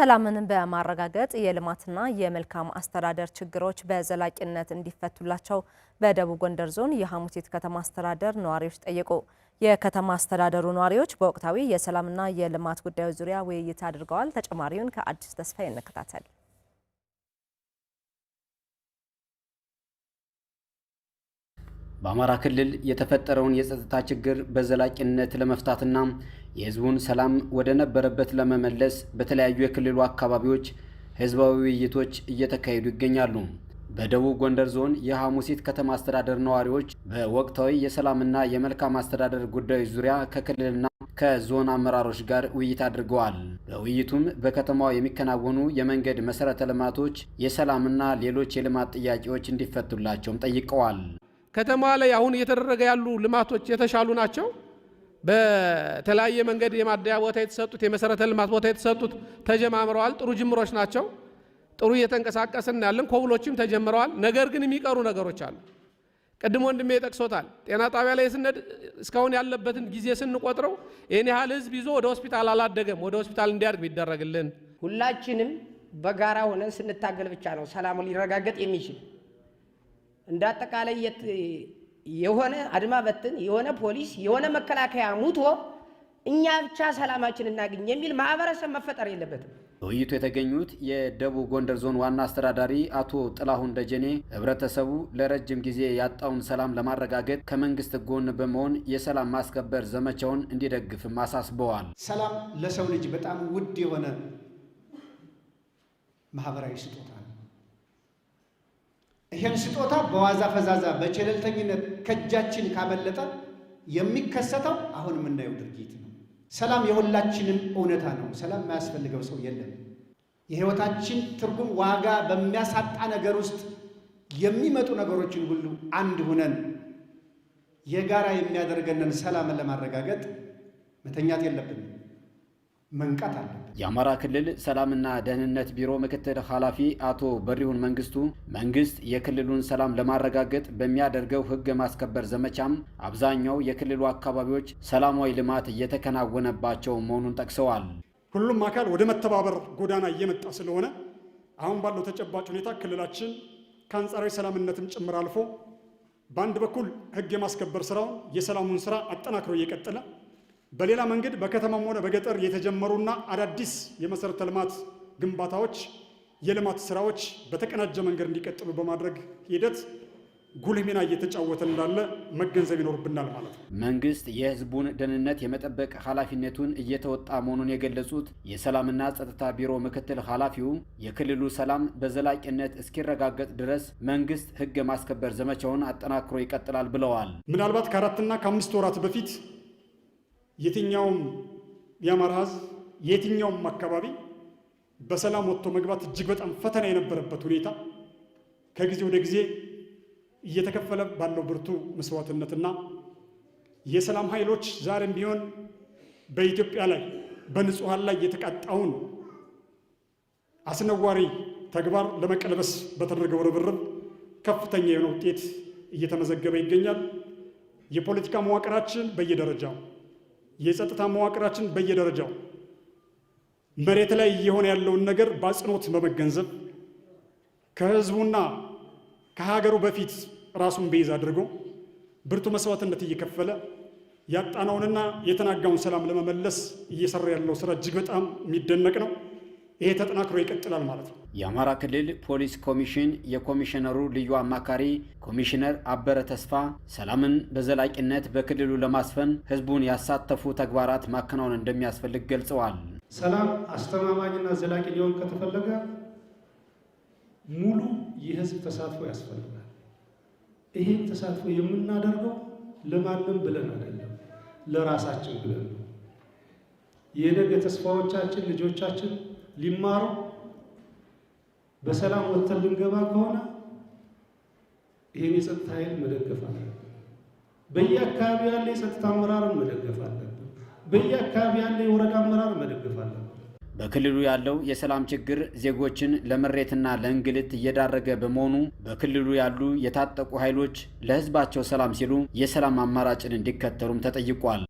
ሰላምን በማረጋገጥ የልማትና የመልካም አስተዳደር ችግሮች በዘላቂነት እንዲፈቱላቸው በደቡብ ጎንደር ዞን የሐሙሲት ከተማ አስተዳደር ነዋሪዎች ጠየቁ። የከተማ አስተዳደሩ ነዋሪዎች በወቅታዊ የሰላምና የልማት ጉዳዮች ዙሪያ ውይይት አድርገዋል። ተጨማሪውን ከአዲስ ተስፋ እንከታተል። በአማራ ክልል የተፈጠረውን የጸጥታ ችግር በዘላቂነት ለመፍታትና የህዝቡን ሰላም ወደ ነበረበት ለመመለስ በተለያዩ የክልሉ አካባቢዎች ህዝባዊ ውይይቶች እየተካሄዱ ይገኛሉ። በደቡብ ጎንደር ዞን የሐሙሲት ከተማ አስተዳደር ነዋሪዎች በወቅታዊ የሰላምና የመልካም አስተዳደር ጉዳዮች ዙሪያ ከክልልና ከዞን አመራሮች ጋር ውይይት አድርገዋል። በውይይቱም በከተማዋ የሚከናወኑ የመንገድ መሠረተ ልማቶች፣ የሰላምና ሌሎች የልማት ጥያቄዎች እንዲፈቱላቸውም ጠይቀዋል። ከተማ ላይ አሁን እየተደረገ ያሉ ልማቶች የተሻሉ ናቸው። በተለያየ መንገድ የማደያ ቦታ የተሰጡት የመሰረተ ልማት ቦታ የተሰጡት ተጀማምረዋል። ጥሩ ጅምሮች ናቸው። ጥሩ እየተንቀሳቀስን ያለን ኮብሎችም ተጀምረዋል። ነገር ግን የሚቀሩ ነገሮች አሉ። ቅድም ወንድሜ ጠቅሶታል። ጤና ጣቢያ ላይ ስነድ እስካሁን ያለበትን ጊዜ ስንቆጥረው ይህን ያህል ህዝብ ይዞ ወደ ሆስፒታል አላደገም። ወደ ሆስፒታል እንዲያድግ ቢደረግልን ሁላችንም በጋራ ሆነን ስንታገል ብቻ ነው ሰላሙ ሊረጋገጥ የሚችል እንደ አጠቃላይ የሆነ አድማ በትን የሆነ ፖሊስ የሆነ መከላከያ ሙቶ እኛ ብቻ ሰላማችን እናገኝ የሚል ማህበረሰብ መፈጠር የለበትም። በውይይቱ የተገኙት የደቡብ ጎንደር ዞን ዋና አስተዳዳሪ አቶ ጥላሁን ደጀኔ ህብረተሰቡ ለረጅም ጊዜ ያጣውን ሰላም ለማረጋገጥ ከመንግስት ጎን በመሆን የሰላም ማስከበር ዘመቻውን እንዲደግፍም አሳስበዋል። ሰላም ለሰው ልጅ በጣም ውድ የሆነ ማህበራዊ ስጦታ ይህን ስጦታ በዋዛ ፈዛዛ በቸለልተኝነት ከእጃችን ካመለጠ የሚከሰተው አሁን የምናየው ድርጊት ነው። ሰላም የሁላችንም እውነታ ነው። ሰላም የማያስፈልገው ሰው የለም። የህይወታችን ትርጉም ዋጋ በሚያሳጣ ነገር ውስጥ የሚመጡ ነገሮችን ሁሉ አንድ ሁነን የጋራ የሚያደርገንን ሰላምን ለማረጋገጥ መተኛት የለብንም። መንቃት አለበት። የአማራ ክልል ሰላምና ደህንነት ቢሮ ምክትል ኃላፊ አቶ በሪሁን መንግስቱ መንግስት የክልሉን ሰላም ለማረጋገጥ በሚያደርገው ህግ ማስከበር ዘመቻም አብዛኛው የክልሉ አካባቢዎች ሰላማዊ ልማት እየተከናወነባቸው መሆኑን ጠቅሰዋል። ሁሉም አካል ወደ መተባበር ጎዳና እየመጣ ስለሆነ አሁን ባለው ተጨባጭ ሁኔታ ክልላችን ከአንጻራዊ ሰላምነትም ጭምር አልፎ በአንድ በኩል ህግ የማስከበር ስራውን የሰላሙን ስራ አጠናክሮ እየቀጠለ በሌላ መንገድ በከተማም ሆነ በገጠር የተጀመሩና አዳዲስ የመሰረተ ልማት ግንባታዎች፣ የልማት ስራዎች በተቀናጀ መንገድ እንዲቀጥሉ በማድረግ ሂደት ጉልህ ሚና እየተጫወተ እንዳለ መገንዘብ ይኖርብናል ማለት ነው። መንግስት የህዝቡን ደህንነት የመጠበቅ ኃላፊነቱን እየተወጣ መሆኑን የገለጹት የሰላምና ጸጥታ ቢሮ ምክትል ኃላፊው የክልሉ ሰላም በዘላቂነት እስኪረጋገጥ ድረስ መንግስት ህግ የማስከበር ዘመቻውን አጠናክሮ ይቀጥላል ብለዋል። ምናልባት ከአራትና ከአምስት ወራት በፊት የትኛውም የአማራ ህዝብ የትኛውም አካባቢ በሰላም ወጥቶ መግባት እጅግ በጣም ፈተና የነበረበት ሁኔታ ከጊዜ ወደ ጊዜ እየተከፈለ ባለው ብርቱ መስዋዕትነትና የሰላም ኃይሎች ዛሬም ቢሆን በኢትዮጵያ ላይ በንጹሐን ላይ የተቃጣውን አስነዋሪ ተግባር ለመቀለበስ በተደረገው ርብርብ ከፍተኛ የሆነ ውጤት እየተመዘገበ ይገኛል። የፖለቲካ መዋቅራችን በየደረጃው የጸጥታ መዋቅራችን በየደረጃው መሬት ላይ እየሆነ ያለውን ነገር በአጽንኦት በመገንዘብ ከህዝቡና ከሀገሩ በፊት ራሱን ቤዝ አድርጎ ብርቱ መስዋዕትነት እየከፈለ ያጣነውንና የተናጋውን ሰላም ለመመለስ እየሰራ ያለው ስራ እጅግ በጣም የሚደነቅ ነው። ይሄ ተጠናክሮ ይቀጥላል ማለት ነው። የአማራ ክልል ፖሊስ ኮሚሽን የኮሚሽነሩ ልዩ አማካሪ ኮሚሽነር አበረ ተስፋ ሰላምን በዘላቂነት በክልሉ ለማስፈን ህዝቡን ያሳተፉ ተግባራት ማከናወን እንደሚያስፈልግ ገልጸዋል። ሰላም አስተማማኝና ዘላቂ ሊሆን ከተፈለገ ሙሉ የህዝብ ተሳትፎ ያስፈልጋል። ይሄን ተሳትፎ የምናደርገው ለማንም ብለን አይደለም፣ ለራሳችን ብለን ነው። የነገ ተስፋዎቻችን ልጆቻችን ሊማሩ በሰላም ወጥተን ልንገባ ከሆነ ይህን የጸጥታ ኃይል መደገፍ አለብን። በየአካባቢ ያለ የጸጥታ አመራርን መደገፍ አለብን። በየአካባቢ ያለ የወረዳ አመራር መደገፍ አለብን። በክልሉ ያለው የሰላም ችግር ዜጎችን ለምሬትና ለእንግልት እየዳረገ በመሆኑ በክልሉ ያሉ የታጠቁ ኃይሎች ለሕዝባቸው ሰላም ሲሉ የሰላም አማራጭን እንዲከተሉም ተጠይቋል።